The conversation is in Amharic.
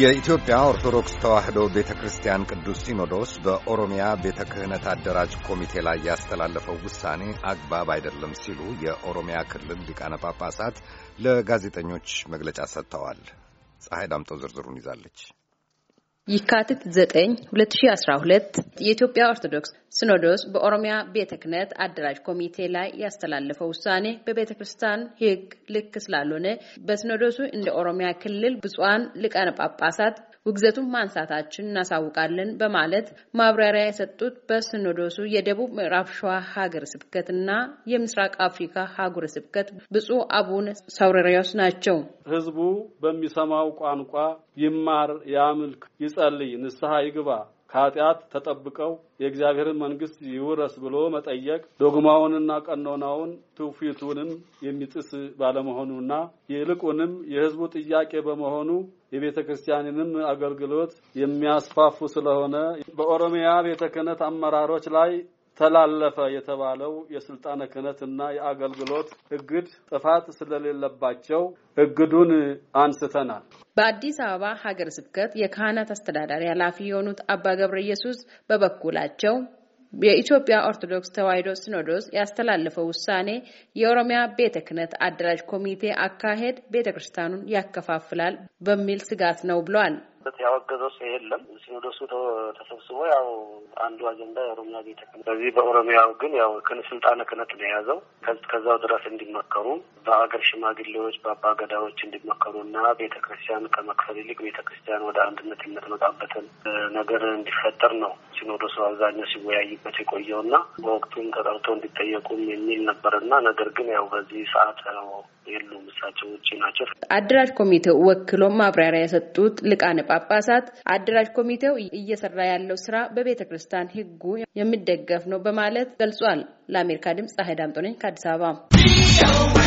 የኢትዮጵያ ኦርቶዶክስ ተዋሕዶ ቤተ ክርስቲያን ቅዱስ ሲኖዶስ በኦሮሚያ ቤተ ክህነት አደራጅ ኮሚቴ ላይ ያስተላለፈው ውሳኔ አግባብ አይደለም ሲሉ የኦሮሚያ ክልል ሊቃነ ጳጳሳት ለጋዜጠኞች መግለጫ ሰጥተዋል። ፀሐይ ዳምጠው ዝርዝሩን ይዛለች። ይካትት 9 2012 የኢትዮጵያ ኦርቶዶክስ ሲኖዶስ በኦሮሚያ ቤተ ክህነት አደራጅ ኮሚቴ ላይ ያስተላለፈው ውሳኔ በቤተ ክርስቲያን ሕግ ልክ ስላልሆነ በሲኖዶሱ እንደ ኦሮሚያ ክልል ብፁዓን ሊቃነ ጳጳሳት ውግዘቱን ማንሳታችን እናሳውቃለን በማለት ማብራሪያ የሰጡት በሲኖዶሱ የደቡብ ምዕራብ ሸዋ ስብከት ስብከትና የምስራቅ አፍሪካ ሀጉር ስብከት ብፁዕ አቡነ ሳውረሪያስ ናቸው። ህዝቡ በሚሰማው ቋንቋ ይማር፣ ያምልክ፣ ይጸልይ፣ ንስሐ ይግባ ከኃጢአት ተጠብቀው የእግዚአብሔርን መንግስት ይውረስ ብሎ መጠየቅ ዶግማውንና ቀኖናውን ትውፊቱንም የሚጥስ ባለመሆኑና ይልቁንም የህዝቡ ጥያቄ በመሆኑ የቤተ ክርስቲያንንም አገልግሎት የሚያስፋፉ ስለሆነ በኦሮሚያ ቤተ ክህነት አመራሮች ላይ ተላለፈ የተባለው የስልጣነ ክህነትና የአገልግሎት እግድ ጥፋት ስለሌለባቸው እግዱን አንስተናል። በአዲስ አበባ ሀገረ ስብከት የካህናት አስተዳዳሪ ኃላፊ የሆኑት አባ ገብረ ኢየሱስ በበኩላቸው የኢትዮጵያ ኦርቶዶክስ ተዋሕዶ ሲኖዶስ ያስተላለፈው ውሳኔ የኦሮሚያ ቤተ ክህነት አደራጅ ኮሚቴ አካሄድ ቤተ ክርስቲያኑን ያከፋፍላል በሚል ስጋት ነው ብሏል። ያለበት ያወገዘው ሰው የለም። ሲኖዶሱ ተሰብስቦ ያው አንዱ አጀንዳ የኦሮሚያ ቤተ በዚህ በኦሮሚያው ግን ያው ስልጣነ ክነት ነው የያዘው ከዛው ድረስ እንዲመከሩ በአገር ሽማግሌዎች በአባ ገዳዎች እንዲመከሩ እና ቤተ ክርስቲያን ከመክፈል ይልቅ ቤተ ክርስቲያን ወደ አንድነት የምትመጣበትን ነገር እንዲፈጠር ነው ሲኖዶሱ አብዛኛው ሲወያይበት የቆየው እና በወቅቱም ተጠርቶ እንዲጠየቁም የሚል ነበር እና ነገር ግን ያው በዚህ ሰዓት ነው የሉም እሳቸው ውጭ ናቸው። አደራጅ ኮሚቴው ወክሎ ማብራሪያ የሰጡት ልቃነ ጳጳሳት አደራጅ ኮሚቴው እየሰራ ያለው ስራ በቤተ ክርስቲያን ህጉ የሚደገፍ ነው በማለት ገልጿል። ለአሜሪካ ድምፅ ፀሐይ ዳምጦ ነኝ ከአዲስ አበባ